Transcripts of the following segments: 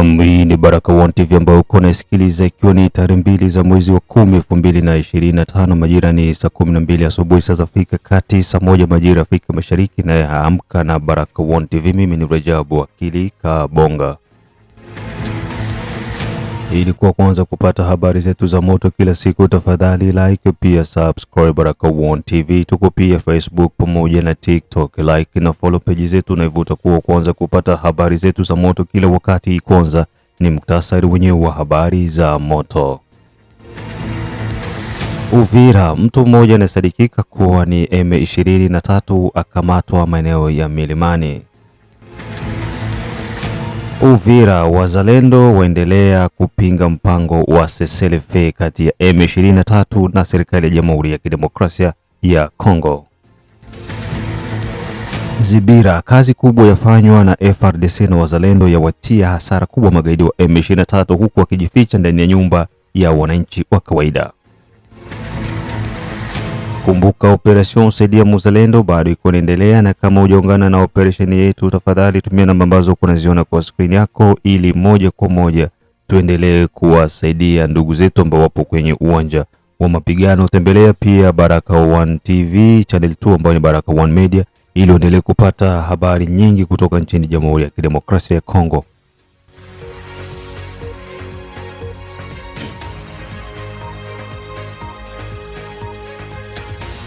Naam, hii ni Baraka One TV ambayo uko unasikiliza ikiwa ni tarehe mbili za mwezi wa kumi elfu mbili na ishirini na tano majira ni saa kumi na mbili asubuhi saa za Afrika Kati, saa moja majira Afrika Mashariki. Naye amka na Baraka One TV, mimi ni Rajabu Akili Kabonga. Ili kuwa kwanza kupata habari zetu za moto kila siku, tafadhali like pia subscribe Baraka One TV. Tuko pia Facebook pamoja na TikTok, like na follow page zetu na hivyo utakuwa kwanza kupata habari zetu za moto kila wakati. Kwanza ni muktasari wenyewe wa habari za moto. Uvira, mtu mmoja anasadikika kuwa ni M23 akamatwa maeneo ya milimani. Uvira, wazalendo waendelea kupinga mpango wa seselefe kati ya M23 na serikali ya Jamhuri ya Kidemokrasia ya Kongo. Zibira, kazi kubwa yafanywa na FRDC na wazalendo yawatia hasara kubwa magaidi wa M23 huku wakijificha ndani ya nyumba ya wananchi wa kawaida. Kumbuka operation usaidia muzalendo bado iko inaendelea, na kama hujaungana na operesheni yetu, tafadhali tumia namba ambazo kunaziona kwa skrini yako, ili moja kwa moja tuendelee kuwasaidia ndugu zetu ambao wapo kwenye uwanja wa mapigano. Tembelea pia Baraka1 TV channel 2 ambayo ni baraka One Media ili uendelee kupata habari nyingi kutoka nchini Jamhuri ya Kidemokrasia ya Kongo.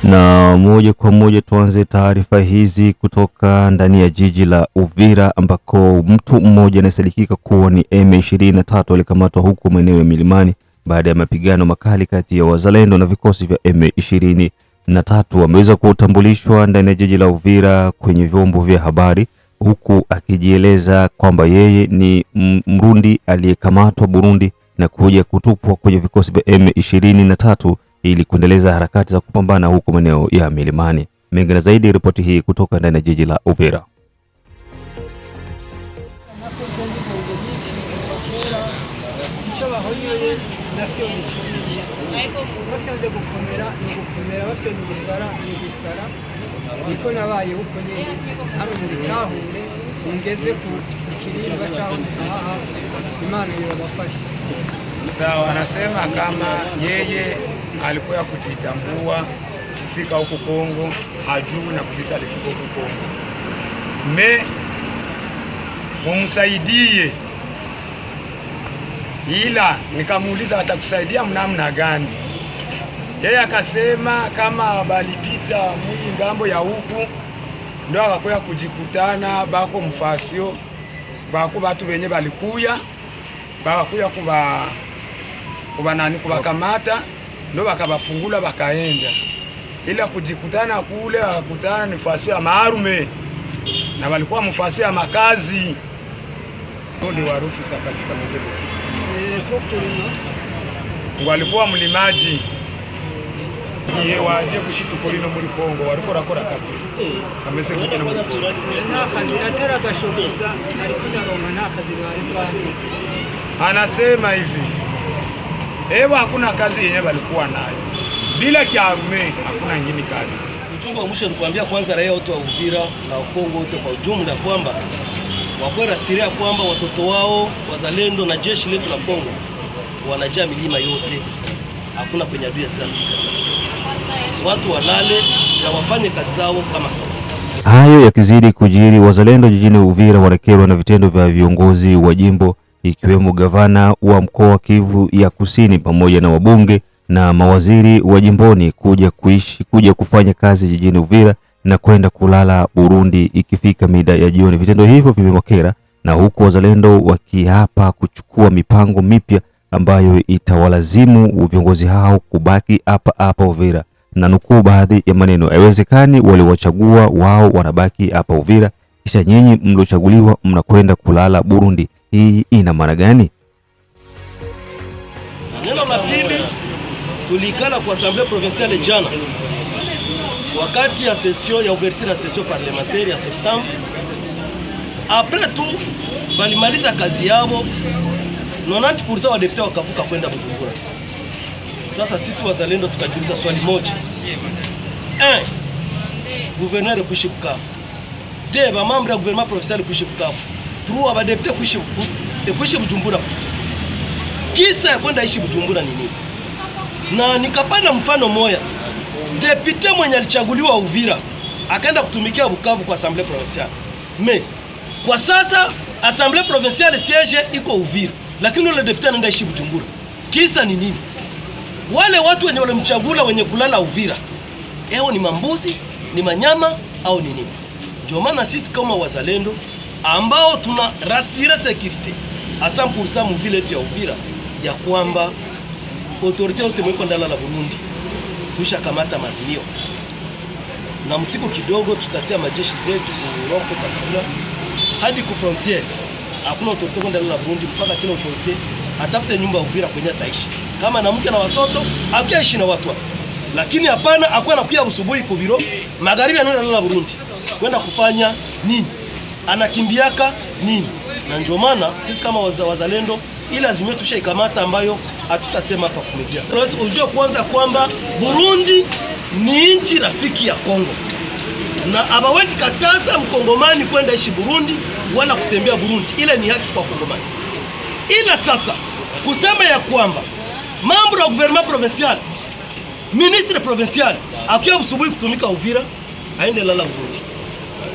Na moja kwa moja tuanze taarifa hizi kutoka ndani ya jiji la Uvira ambako mtu mmoja anasadikika kuwa ni M23 alikamatwa huko maeneo ya milimani baada ya mapigano makali kati ya wazalendo na vikosi vya M23. Ameweza kutambulishwa ndani ya jiji la Uvira kwenye vyombo vya habari huku akijieleza kwamba yeye ni Mrundi aliyekamatwa Burundi na kuja kutupwa kwenye vikosi vya M23 ili kuendeleza harakati za kupambana huko maeneo ya milimani. Mengine zaidi, ripoti hii kutoka ndani ya jiji la Uvira. niko nabaye ku cyangwa Imana na wanasema kama yeye alikuwa kujitambua kufika huko Kongo hajuu na kabisa, alifika huko Kongo me mumsaidie, ila nikamuuliza atakusaidia mnamna gani? Yeye akasema kama balipita mwii ngambo ya huku ndo akakuya kujikutana bako mfasio bako batu benye balikuya bakakuya kuba kubanani kubakamata ndo bakabafungula bakaenda, ila kujikutana kule wakakutana ni fasi ya maarume na walikuwa mfasi ya makazi ndi warufu katika mzee walikuwa mlimaji iye waje kushitukulino muri Kongo wariko rakora kazi kameze kuke muri Kongo anasema hivi Ewa, hakuna kazi yenyewe walikuwa nayo. Bila kiarme hakuna nyingine kazi. Ujumbe wa mwisho nikuambia kwanza raia wote wa Uvira na Kongo wote kwa ujumla kwamba wakuwe na siria kwamba watoto wao wazalendo na jeshi letu la Kongo wanajaa milima yote, hakuna kwenye adui atafika. Watu walale na wafanye kazi zao kama Hayo yakizidi kujiri, wazalendo jijini Uvira wanakerwa na vitendo vya viongozi wa jimbo ikiwemo gavana wa mkoa wa Kivu ya Kusini pamoja na wabunge na mawaziri wa jimboni kuja kuishi kuja kufanya kazi jijini Uvira na kwenda kulala Burundi ikifika mida ya jioni. Vitendo hivyo vimewakera, na huku wazalendo wakiapa kuchukua mipango mipya ambayo itawalazimu viongozi hao kubaki hapa hapa Uvira, na nukuu baadhi ya maneno: haiwezekani waliowachagua wao wanabaki hapa Uvira, kisha nyinyi mliochaguliwa mnakwenda kulala Burundi. Hii ina maana gani? Neno la pili, tuliikana kwa assemblée provinciale jana wakati ya session ya ouverture ya session parlementaire ya septembre. Apres tout balimaliza kazi yabo 90% wa depute wakavuka kwenda Bujumbura. Sasa sisi wazalendo tukajiuliza swali moja Eh, gouverneur epwishi Bukavu de ya gouvernement provinciale kuishi Bukavu tu abadepite kuishi kuishi Bujumbura. Kisa ya kwenda ishi Bujumbura ni nini? Na nikapana mfano moya, depute mwenye alichaguliwa Uvira akaenda kutumikia Bukavu kwa Assemblée Provinciale. Me kwa sasa Assemblée Provinciale siege iko Uvira, lakini ule depute anaenda ishi Bujumbura. Kisa ni nini? Wale watu wenye walimchagula wenye kulala Uvira, eo ni mambuzi, ni manyama au ni nini? Ndio maana sisi kama wazalendo ambao tuna rasira security asampusa muvile yetu ya Uvira ya kwamba autorite yote mweko ndala la Burundi tushakamata mazimio na msiku kidogo tutatia majeshi zetu kuroko kabila hadi ku frontiere. Hakuna autorite kwenda ndala la Burundi mpaka kila autorite atafute nyumba ya Uvira kwenye ataishi, kama na mke na watoto akiishi na watu, lakini hapana akuwa anakuja asubuhi kubiro magharibi anaenda ndala la Burundi kwenda kufanya nini? anakimbiaka nini, na ndio maana sisi kama wazalendo ile azimio tushaikamata ambayo hatutasema hapa kumejia. Sasa unajua kwanza kwamba Burundi ni nchi rafiki ya Kongo na abawezi kataza mkongomani kwenda ishi Burundi wala kutembea Burundi, ile ni haki kwa Kongomani. Ila sasa kusema ya kwamba mambo ya gouvernement provincial ministre provincial akiwa msubuhi kutumika Uvira aende lala Burundi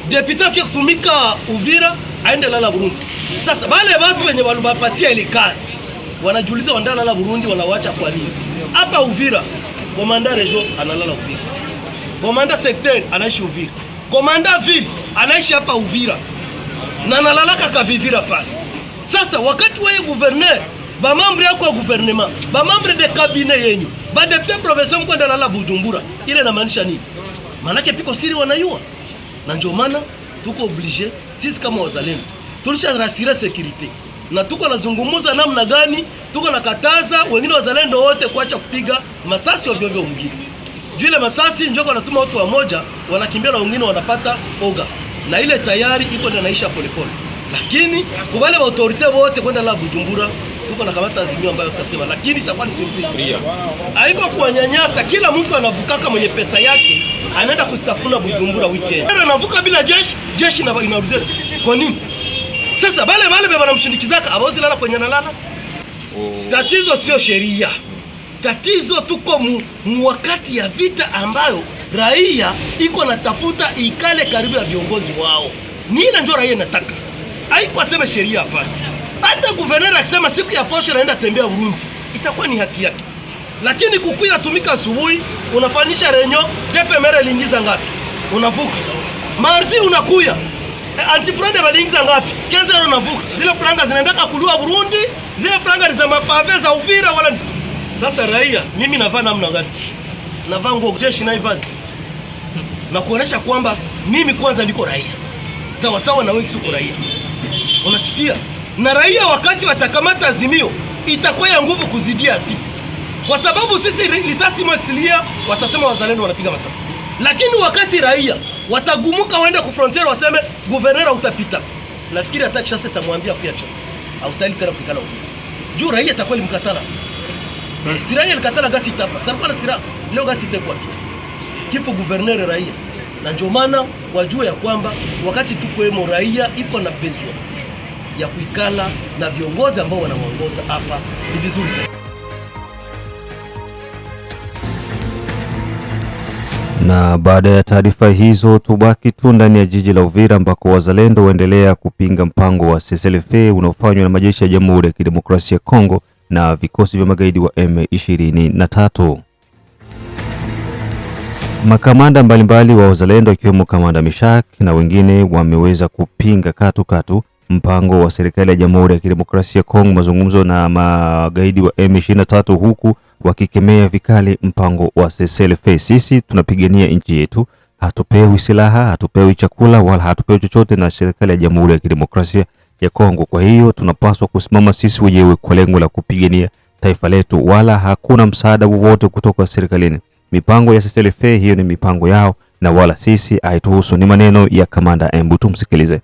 deputa kia kutumika Uvira aende lala Burundi. Sasa bale watu wenye walibapatia ile kazi wanajiuliza lala Burundi, wanawacha kwa nini? Hapa Uvira komanda rejo analala Uvira, komanda sekter anaishi Uvira, komanda ville anaishi hapa Uvira na nalalaka kavivira pale. Sasa wakati weye guverner bamambre yako ya guvernema bamambre de kabine yenyu ba badepute profeso mkwenda lala Bujumbura, ile inamaanisha nini? Maanake piko siri wanayua na ndio maana tuko oblige sisi kama wazalendo rasira security na tuko nazungumuza namna gani, tuko nakataza wengine wazalendo wote kuacha kupiga masasi ovyo ovyo. Mwingine juu ile masasi njoko wanatuma watu wamoja wanakimbia na wengine wanapata oga, na ile tayari iko ndio naisha polepole, lakini kubale wa autorite wote kwenda la Bujumbura tuko na kamata azimio ambayo tutasema, lakini itakuwa ni surprise, haiko kuwanyanyasa. Kila mtu anavukaka mwenye pesa yake anaenda kustafuna Bujumbura weekend. Anavuka bila jeshi, jeshi na inarudia. Kwa nini? Sasa bale bale baba namshindikizaka abaozi lala kwenye nalala. Oh. Tatizo sio sheria. Tatizo tuko mu, mu wakati ya vita ambayo raia iko natafuta ikale karibu ya viongozi wao. Ni ile ndio raia inataka. Haiko aseme sheria hapa. Hata guverner akisema siku ya posho naenda tembea Burundi, itakuwa ni haki yake. Lakini kukuya tumika asubuhi unafanisha renyo pepe mere liingiza ngapi? Unavuka mardi unakuya eh, antifrade waliingiza ngapi? Kenzero unavuka zile franga zinaendaka kulua Burundi, zile franga ni za mapave za Uvira wala ni sasa. Raia mimi navaa namna gani? Navaa nguo jeshi na ivazi na kuonesha kwamba mimi kwanza niko raia sawa sawa na wengi, siko raia, unasikia? Na raia wakati watakamata azimio itakuwa ya nguvu kuzidia sisi kwa sababu sisi risasi mwachilia, watasema wazalendo wanapiga masasi, lakini wakati raia watagumuka waende ku frontier waseme governor utapita, nafikiri hata kisha sasa tamwambia pia Kishase haustahili tena kupigana huko juu, raia atakuwa limkatala hmm. Si raia alikatala gasi tapa itapa sarikana sira leo gasi tekwa kifo governor raia, na ndio maana wajua ya kwamba wakati tuko emo raia iko na pezwa ya kuikala na viongozi ambao wanaongoza hapa ni vizuri sana. Na baada ya taarifa hizo, tubaki tu ndani ya jiji la Uvira ambako wazalendo waendelea kupinga mpango wa CCLF unaofanywa na majeshi ya Jamhuri ya Kidemokrasia ya Kongo na vikosi vya magaidi wa M23. Makamanda mbalimbali wa wazalendo akiwemo kamanda Mishak na wengine wameweza kupinga katukatu katu mpango wa serikali ya Jamhuri ya Kidemokrasia ya Kongo mazungumzo na magaidi wa M23 huku wakikemea vikali mpango wa face. Sisi tunapigania nchi yetu, hatupewi silaha, hatupewi chakula wala hatupewi chochote na serikali ya Jamhuri ya Kidemokrasia ya Kongo. Kwa hiyo tunapaswa kusimama sisi wenyewe kwa lengo la kupigania taifa letu, wala hakuna msaada wowote kutoka serikalini. Mipango ya face hiyo ni mipango yao na wala sisi haituhusu. Ni maneno ya kamanda Embu, tumsikilize.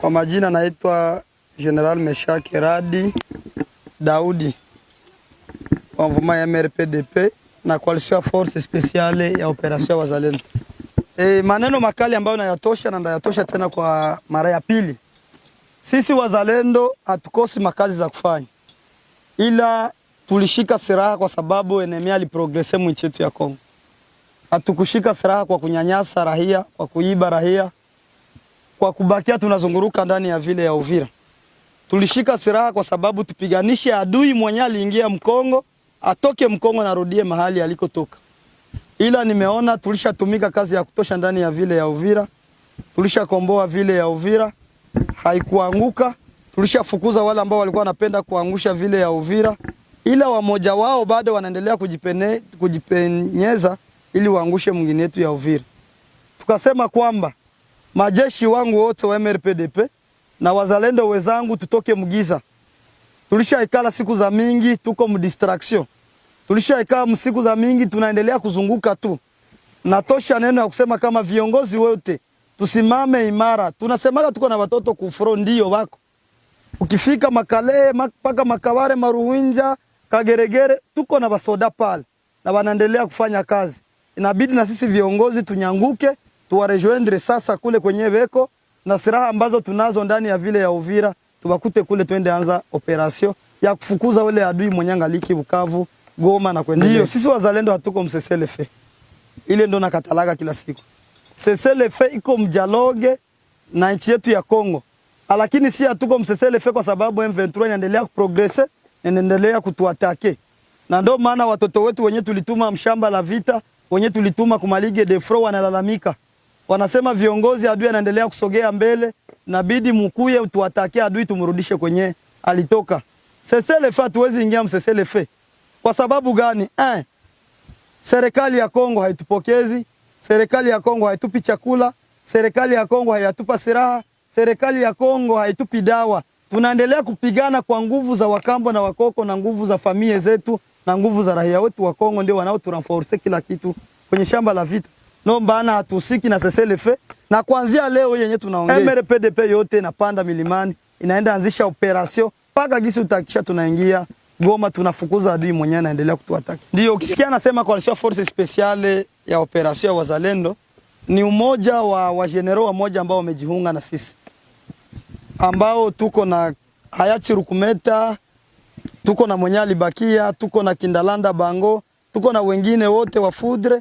Kwa majina naitwa General Meshaki Radi Daudi wa MRPDP na coalition force speciale ya operation Wazalendo. E, maneno makali ambayo nayatosha na ndayatosha tena kwa mara ya pili. Sisi wazalendo hatukosi makazi za kufanya, ila tulishika silaha kwa sababu enemi aliprogrese mwinchi yetu ya Kongo. Hatukushika silaha kwa kunyanyasa rahia, kwa kuiba rahia, kwa kubakia tunazunguruka ndani ya vile ya Uvira. Tulishika silaha kwa sababu tupiganishe adui mwenye aliingia Mkongo, atoke Mkongo na rudie mahali alikotoka. Ila nimeona tulishatumika kazi ya kutosha ndani ya vile ya Uvira. Tulishakomboa vile ya Uvira. Haikuanguka. Tulishafukuza wale ambao walikuwa wanapenda kuangusha vile ya Uvira. Ila wamoja wao bado wanaendelea kujipene, kujipenyeza ili waangushe mwingine yetu ya Uvira. Tukasema kwamba majeshi wangu wote wa MRPDP na wazalendo wezangu, tutoke mgiza. Tulishaikala siku za mingi, tuko mdistraction, tulishaikaa siku za mingi, tunaendelea kuzunguka tu. Natosha neno ya kusema kama viongozi wote tusimame imara. Tunasemaga tuko na watoto kufro, ndio wako ukifika makale mpaka makaware maruhinja kageregere, tuko na basoda pale na wanaendelea kufanya kazi. Inabidi na sisi viongozi tunyanguke, tuwarejoindre sasa kule kwenye veko na silaha ambazo tunazo ndani ya vile ya Uvira, tubakute kule, twende anza operasio ya kufukuza ule adui mwenyanga liki Bukavu, Goma na kuendelea. Ndio sisi wazalendo hatuko mseselefe, ile ndo nakatalaga kila siku. Seselefe iko mjaloge na nchi yetu ya Kongo, lakini si hatuko mseselefe kwa sababu M23 inaendelea kuprogresse na inaendelea kutuatake, na ndio maana watoto wetu wenye tulituma mshamba la vita wenye tulituma kumalige defro wanalalamika wanasema viongozi, adui anaendelea kusogea mbele, nabidi mkuye tuwatakie adui tumrudishe kwenye alitoka. Sesele Seselefe hatuwezi ingia msesele fe. Kwa sababu gani? Eh, serikali ya Kongo haitupokezi, serikali ya Kongo haitupi chakula, serikali ya Kongo hayatupa silaha, serikali ya Kongo haitupi dawa. Tunaendelea kupigana kwa nguvu za Wakambo na Wakoko na nguvu za familia zetu na nguvu za raia wetu wa Kongo, ndio wanaoturenforce kila kitu kwenye shamba la vita nombana hatusiki na sesele fe na kuanzia leo yenye tunaongea MRPDP yote inapanda milimani inaenda anzisha operation paka gisi utakisha tunaingia Goma tunafukuza adui mwenyewe anaendelea kutuataki. Ndio ukisikia anasema coalition force speciale ya operation ya wazalendo ni umoja wa wa general wa moja ambao wamejiunga na sisi ambao tuko na Hayati Rukumeta, tuko na mwenye alibakia, tuko na Kindalanda Bango, tuko na wengine wote wa Fudre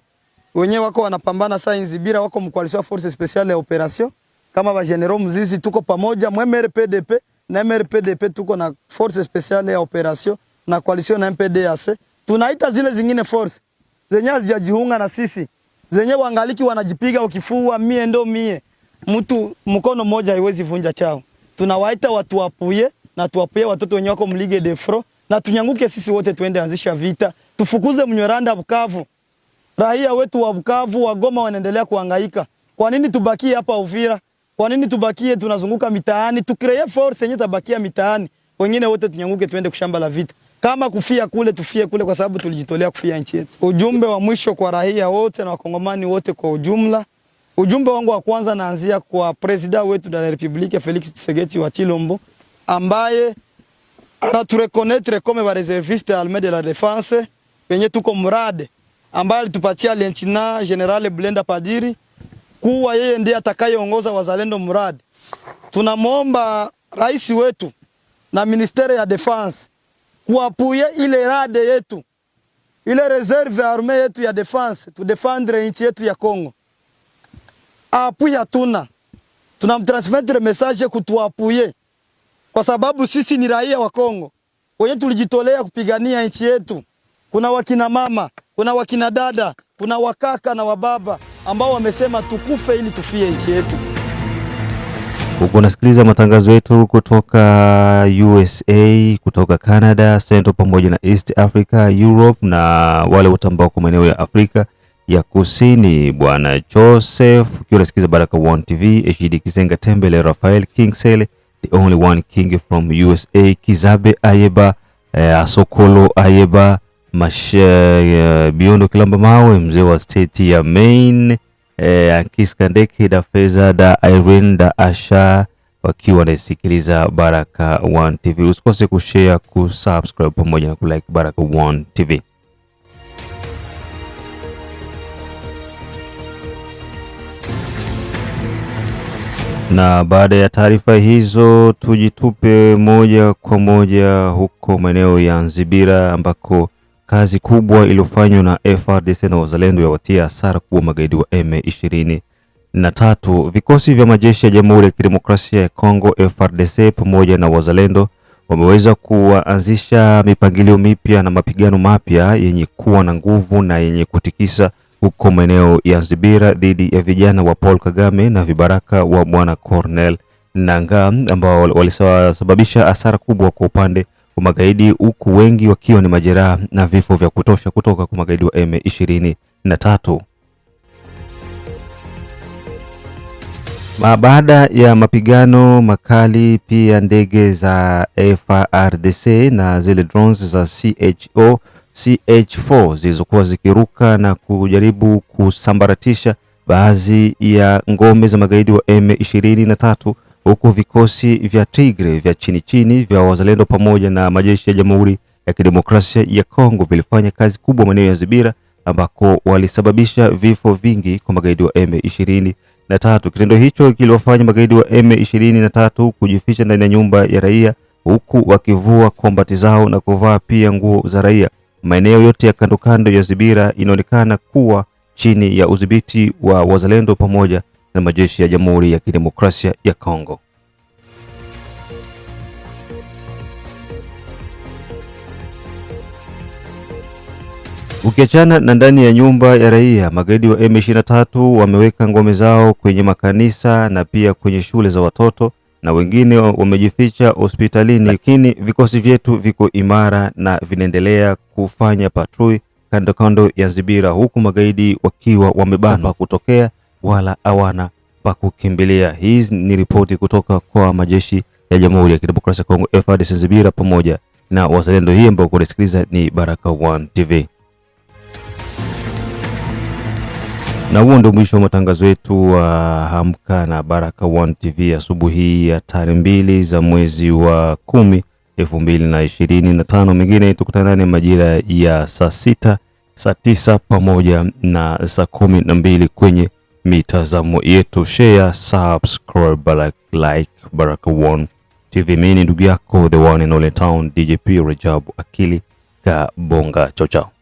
wenyewe wako wanapambana sainzi bila wako mkoalisha force speciale ya operation kama ba general Mzizi tuko pamoja MRPDP na MRPDP tuko na force speciale ya operation na coalition na MPDAC. Tunaita zile zingine force zenye hazijajiunga na sisi, zenye wangaliki wanajipiga ukifua, mie ndo mie, mtu mkono mmoja haiwezi vunja chao. Tunawaita watu wapuye na tuwapuye watoto wenye wako mlige defro na tunyanguke sisi wote, tuende anzisha vita, tufukuze mnyoranda Bukavu. Raia wetu wa Bukavu wa Goma wanaendelea kuhangaika. Kwa nini tubakie hapa Uvira? Kwa nini tubakie tunazunguka mitaani? Tukreye force yenye tabakia mitaani. Wengine wote tunyanguke tuende kushamba la vita. Kama kufia kule tufie kule kwa sababu tulijitolea kufia nchi yetu. Ujumbe wa mwisho kwa raia wote na wakongomani wote kwa ujumla. Ujumbe wangu wa kwanza naanzia kwa presida wetu da republika Felix Tshisekedi wa Chilombo ambaye anatureconnaitre comme ba reserviste armee de la defense wenye tuko mrade ambaye alitupatia Lenchina General Blenda Padiri kuwa yeye ndiye atakayeongoza wazalendo mradi. Tunamwomba rais wetu na ministere ya defense kuapuye ile rade yetu ile reserve ya arme yetu ya defense to defendre nchi yetu ya Kongo. Apuye tuna tunamtransmettre message kutuapuye, kwa sababu sisi ni raia wa Kongo wenye tulijitolea kupigania nchi yetu kuna wakina mama, kuna wakina dada, kuna wakaka na wababa ambao wamesema tukufe ili tufie nchi yetu. Huku unasikiliza matangazo yetu kutoka USA, kutoka Canada, Central pamoja na East Africa, Europe na wale wote ambao kwa maeneo ya Afrika ya Kusini. Bwana Joseph ukiwa unasikiliza Baraka One TV, HD Kizenga, Tembele Rafael Kingsele, the only one king from USA, Kizabe Ayeba, eh, Asokolo Ayeba Mashe uh, Biondo Kilamba Mawe, mzee wa state ya Maine, eh, Akis Kandeki da Feza da Irene da Asha wakiwa wanaisikiliza Baraka One TV. Usikose kushare, kusubscribe pamoja na kulike Baraka One TV. Na baada ya taarifa hizo, tujitupe moja kwa moja huko maeneo ya Nzibira ambako Kazi kubwa iliyofanywa na frdc na wazalendo yawatia hasara kubwa magaidi wa M23. Vikosi vya majeshi ya Jamhuri ya Kidemokrasia ya Kongo frdc pamoja na wazalendo wameweza kuanzisha mipangilio mipya na mapigano mapya yenye kuwa na nguvu na yenye kutikisa huko maeneo ya Zibira dhidi ya vijana wa Paul Kagame na vibaraka wa Bwana Cornel Nanga ambao walisababisha hasara kubwa kwa upande kwa magaidi huku wengi wakiwa ni majeraha na vifo vya kutosha kutoka kwa magaidi wa M23. Baada ya mapigano makali, pia ndege za FARDC na zile drones za CHO CH4 zilizokuwa zikiruka na kujaribu kusambaratisha baadhi ya ngome za magaidi wa M23 huku vikosi vya tigre vya chini chini vya wazalendo pamoja na majeshi ya Jamhuri ya Kidemokrasia ya Kongo vilifanya kazi kubwa maeneo ya Zibira ambako walisababisha vifo vingi kwa magaidi wa M23. Kitendo hicho kiliwafanya magaidi wa M23 kujificha ndani ya nyumba ya raia huku wakivua kombati zao na kuvaa pia nguo za raia. Maeneo yote ya kando kando ya Zibira inaonekana kuwa chini ya udhibiti wa wazalendo pamoja na majeshi ya Jamhuri ya Kidemokrasia ya Kongo. Ukiachana na ndani ya nyumba ya raia, magaidi wa M23 wameweka ngome zao kwenye makanisa na pia kwenye shule za watoto na wengine wamejificha hospitalini, lakini vikosi vyetu viko imara na vinaendelea kufanya patrui kando kando ya Zibira, huku magaidi wakiwa wamebanwa kutokea wala hawana pa kukimbilia. Hii ni ripoti kutoka kwa majeshi ya Jamhuri ya Kidemokrasia ya Kongo FARDC Zibira pamoja na wazalendo. Hii ambayo kunasikiliza ni Baraka One TV, na huo ndio mwisho wa matangazo yetu wa uh, Amka na Baraka One TV asubuhi ya tarehe mbili za mwezi wa kumi elfu mbili na ishirini na tano. Mengine tukutanane majira ya saa sita, saa tisa pamoja na saa kumi na mbili kwenye mitazamo yetu, share, subscribe, like, like Baraka1 TV. Mimi ni ndugu yako the one in Ole Town DJP Rejabu Akili Kabonga. Chao chao.